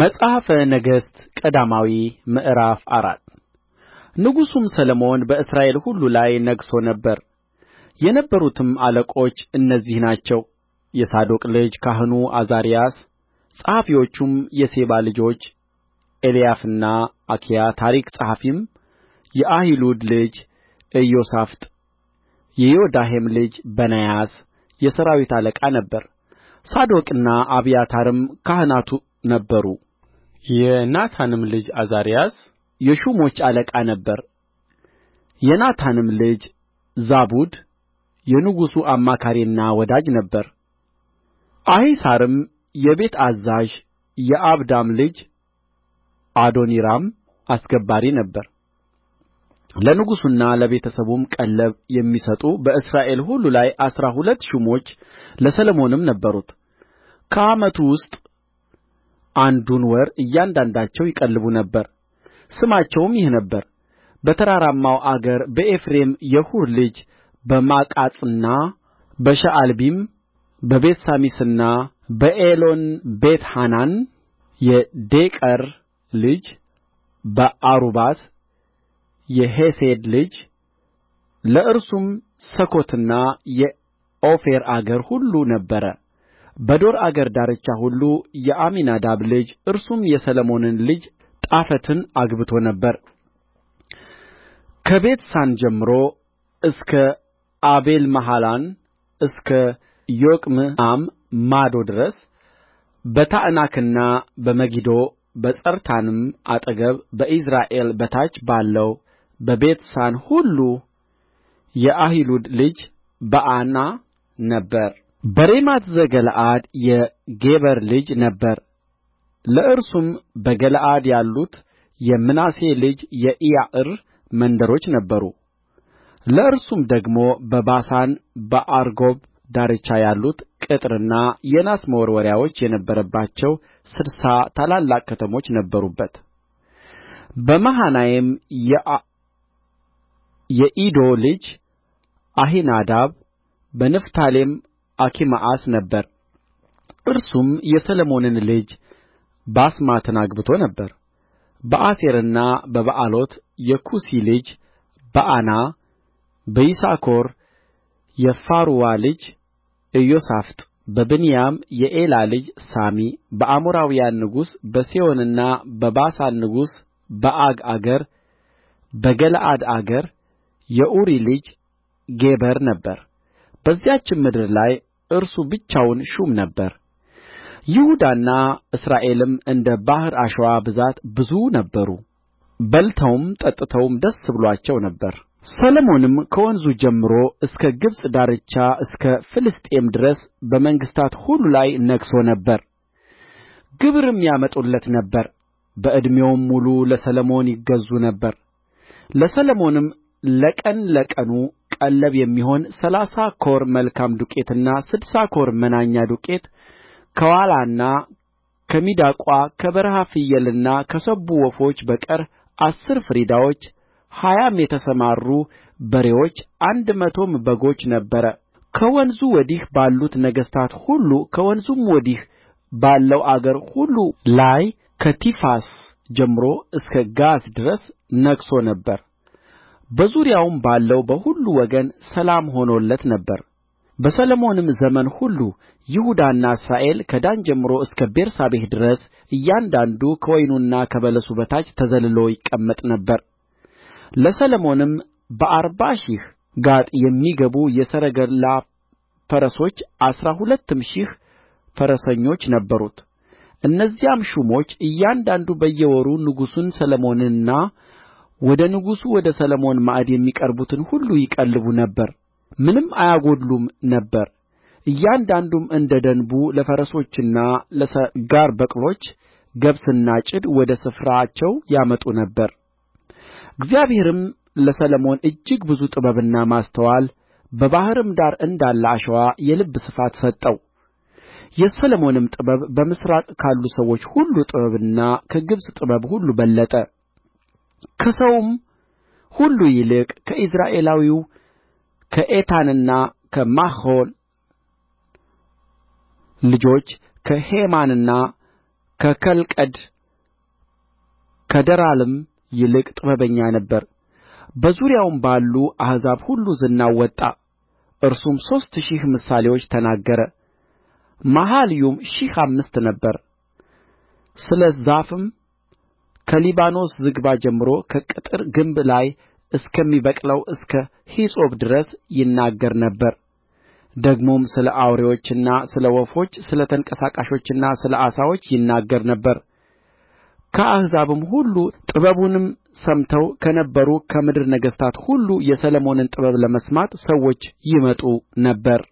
መጽሐፈ ነገሥት ቀዳማዊ ምዕራፍ አራት ንጉሡም ሰሎሞን በእስራኤል ሁሉ ላይ ነግሦ ነበር። የነበሩትም አለቆች እነዚህ ናቸው፦ የሳዶቅ ልጅ ካህኑ ዓዛርያስ፣ ጸሐፊዎቹም የሴባ ልጆች ኤልያፍና አኪያ፣ ታሪክ ጸሐፊም የአሒሉድ ልጅ ኢዮሣፍጥ፣ የዮዳሄም ልጅ በናያስ የሠራዊት አለቃ ነበረ። ሳዶቅና አብያታርም ካህናቱ ነበሩ የናታንም ልጅ ዓዛርያስ የሹሞች አለቃ ነበረ የናታንም ልጅ ዛቡድ የንጉሡ አማካሪና ወዳጅ ነበረ አሒሳርም የቤት አዛዥ የዓብዳም ልጅ አዶኒራም አስገባሪ ነበረ ለንጉሡና ለቤተ ሰቡም ቀለብ የሚሰጡ በእስራኤል ሁሉ ላይ አሥራ ሁለት ሹሞች ለሰሎሞንም ነበሩት ከዓመቱ ውስጥ አንዱን ወር እያንዳንዳቸው ይቀልቡ ነበር ስማቸውም ይህ ነበረ በተራራማው አገር በኤፍሬም የሁር ልጅ በማቃጽና በሸዓልቢም በቤትሳሚስና በኤሎንቤትሐናን የዴቀር ልጅ በአሩባት የሔሴድ ልጅ ለእርሱም ሰኮትና የኦፌር አገር ሁሉ ነበረ በዶር አገር ዳርቻ ሁሉ የአሚናዳብ ልጅ እርሱም የሰሎሞንን ልጅ ጣፈትን አግብቶ ነበር ከቤትሳን ጀምሮ እስከ አቤልመሖላና እስከ ዮቅምዓም ማዶ ድረስ በታዕናክና በመጊዶ በጸርታንም አጠገብ በኢይዝራኤል በታች ባለው በቤትሳን ሁሉ የአሒሉድ ልጅ በዓና ነበር በሬማት ዘገለዓድ የጌበር ልጅ ነበረ ለእርሱም በገለዓድ ያሉት የምናሴ ልጅ የኢያዕር መንደሮች ነበሩ ለእርሱም ደግሞ በባሳን በአርጎብ ዳርቻ ያሉት ቅጥርና የናስ መወርወሪያዎች የነበረባቸው ስድሳ ታላላቅ ከተሞች ነበሩበት በመሃናይም የኢዶ ልጅ አሒናዳብ በንፍታሌም አኪማአስ ነበረ እርሱም የሰሎሞንን ልጅ ባስማትን አግብቶ ነበር በአሴርና በበዓሎት የኩሲ ልጅ በዓና በይሳኮር የፋሩዋ ልጅ ኢዮሳፍጥ በብንያም የኤላ ልጅ ሳሚ በአሞራውያን ንጉሥ በሴዎንና በባሳን ንጉሥ በዐግ አገር በገለዓድ አገር የኡሪ ልጅ ጌበር ነበር። በዚያችም ምድር ላይ እርሱ ብቻውን ሹም ነበረ ይሁዳና እስራኤልም እንደ ባሕር አሸዋ ብዛት ብዙ ነበሩ በልተውም ጠጥተውም ደስ ብሎአቸው ነበር ሰሎሞንም ከወንዙ ጀምሮ እስከ ግብጽ ዳርቻ እስከ ፍልስጥኤም ድረስ በመንግሥታት ሁሉ ላይ ነግሦ ነበር ግብርም ያመጡለት ነበር በዕድሜውም ሙሉ ለሰሎሞን ይገዙ ነበር ለሰሎሞንም ለቀን ለቀኑ ቀለብ የሚሆን ሠላሳ ኮር መልካም ዱቄትና ስድሳ ኮር መናኛ ዱቄት ከዋላና ከሚዳቋ ከበረሀ ፍየልና ከሰቡ ወፎች በቀር አሥር ፍሪዳዎች ሀያም የተሰማሩ በሬዎች አንድ መቶም በጎች ነበረ ከወንዙ ወዲህ ባሉት ነገሥታት ሁሉ ከወንዙም ወዲህ ባለው አገር ሁሉ ላይ ከቲፋስ ጀምሮ እስከ ጋዛ ድረስ ነግሦ ነበር በዙሪያውም ባለው በሁሉ ወገን ሰላም ሆኖለት ነበር በሰሎሞንም ዘመን ሁሉ ይሁዳና እስራኤል ከዳን ጀምሮ እስከ ቤርሳቤህ ድረስ እያንዳንዱ ከወይኑና ከበለሱ በታች ተዘልሎ ይቀመጥ ነበር ለሰሎሞንም በአርባ ሺህ ጋጥ የሚገቡ የሰረገላ ፈረሶች አሥራ ሁለትም ሺህ ፈረሰኞች ነበሩት እነዚያም ሹሞች እያንዳንዱ በየወሩ ንጉሡን ሰሎሞንንና ወደ ንጉሡ ወደ ሰሎሞን ማዕድ የሚቀርቡትን ሁሉ ይቀልቡ ነበር ምንም አያጎድሉም ነበር እያንዳንዱም እንደ ደንቡ ለፈረሶችና ለሰጋር በቅሎች ገብስና ጭድ ወደ ስፍራቸው ያመጡ ነበር እግዚአብሔርም ለሰሎሞን እጅግ ብዙ ጥበብና ማስተዋል በባሕርም ዳር እንዳለ አሸዋ የልብ ስፋት ሰጠው የሰሎሞንም ጥበብ በምሥራቅ ካሉ ሰዎች ሁሉ ጥበብና ከግብጽ ጥበብ ሁሉ በለጠ ከሰውም ሁሉ ይልቅ ከኢይዝራኤላዊው ከኤታንና ከማሖል ልጆች ከሄማንና ከከልቀድ ከደራልም ይልቅ ጥበበኛ ነበረ። በዙሪያውም ባሉ አሕዛብ ሁሉ ዝናው ወጣ። እርሱም ሦስት ሺህ ምሳሌዎች ተናገረ። መኃልዩም ሺህ አምስት ነበረ። ስለ ዛፍም ከሊባኖስ ዝግባ ጀምሮ ከቅጥር ግንብ ላይ እስከሚበቅለው እስከ ሂሶጵ ድረስ ይናገር ነበር ደግሞም ስለ አውሬዎችና ስለ ወፎች ስለ ተንቀሳቃሾችና ስለ ዓሣዎች ይናገር ነበር ከአሕዛብም ሁሉ ጥበቡንም ሰምተው ከነበሩ ከምድር ነገሥታት ሁሉ የሰሎሞንን ጥበብ ለመስማት ሰዎች ይመጡ ነበር